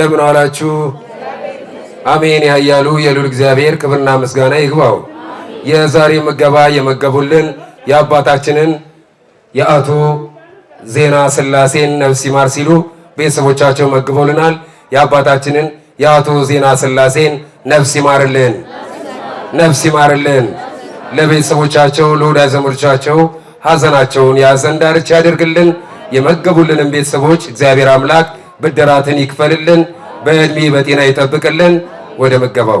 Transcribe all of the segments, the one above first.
እንደምን አላችሁ? አሜን። ያያሉ የሉል እግዚአብሔር ክብርና ምስጋና ይግባው። የዛሬ ምገባ የመገቡልን የአባታችንን የአቶ ዜና ስላሴን ነፍስ ይማር ሲሉ ቤተሰቦቻቸው መግበውልናል። የአባታችንን የአቶ ዜና ስላሴን ነፍስ ይማርልን፣ ነፍስ ይማርልን። ለቤተሰቦቻቸው ለወዳጅ ዘመዶቻቸው ሀዘናቸውን የሐዘን ዳርቻ ያደርግልን። የመገቡልንም ቤተሰቦች እግዚአብሔር አምላክ ብድራትን ይክፈልልን፣ በእድሜ በጤና ይጠብቅልን። ወደ ምገባው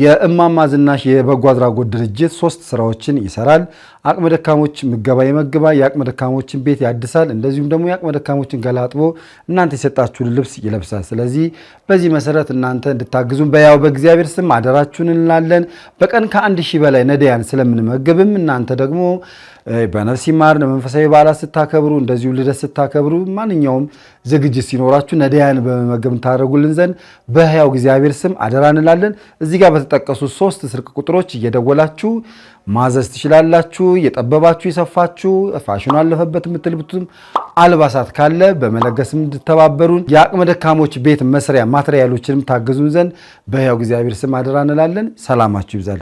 የእማማ ዝናሽ የበጎ አድራጎት ድርጅት ሶስት ስራዎችን ይሰራል። አቅመ ደካሞች ምገባ ይመግባል፣ የአቅመ ደካሞችን ቤት ያድሳል፣ እንደዚሁም ደግሞ የአቅመ ደካሞችን ገላጥቦ እናንተ የሰጣችሁን ልብስ ይለብሳል። ስለዚህ በዚህ መሰረት እናንተ እንድታግዙን በያው በእግዚአብሔር ስም አደራችሁን እንላለን። በቀን ከአንድ ሺህ በላይ ነዳያን ስለምንመግብም እናንተ ደግሞ በነፍስ ይማር መንፈሳዊ በዓላት ስታከብሩ፣ እንደዚሁ ልደት ስታከብሩ፣ ማንኛውም ዝግጅት ሲኖራችሁ ነዳያን በመመገብ እንታደረጉልን ዘንድ በህያው እግዚአብሔር ስም አደራ እንላለን እዚህ ጋር በተጠቀሱት ሶስት ስልክ ቁጥሮች እየደወላችሁ ማዘዝ ትችላላችሁ። የጠበባችሁ የሰፋችሁ ፋሽኑ አለፈበት የምትልብቱም አልባሳት ካለ በመለገስ እንድተባበሩን የአቅመ ደካሞች ቤት መስሪያ ማትሪያሎችንም ታግዙን ዘንድ በሕያው እግዚአብሔር ስም አደራ እንላለን። ሰላማችሁ ይብዛል።